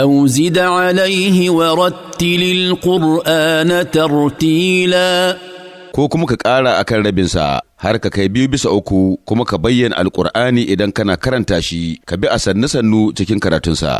أو زد عليه ورتل القرآن ترتيلا ko kuma ka ƙara a kan rabinsa har ka kai biyu bisa uku kuma ka bayyana alƙur'ani idan kana karanta shi ka bi a sannu-sannu cikin karatunsa.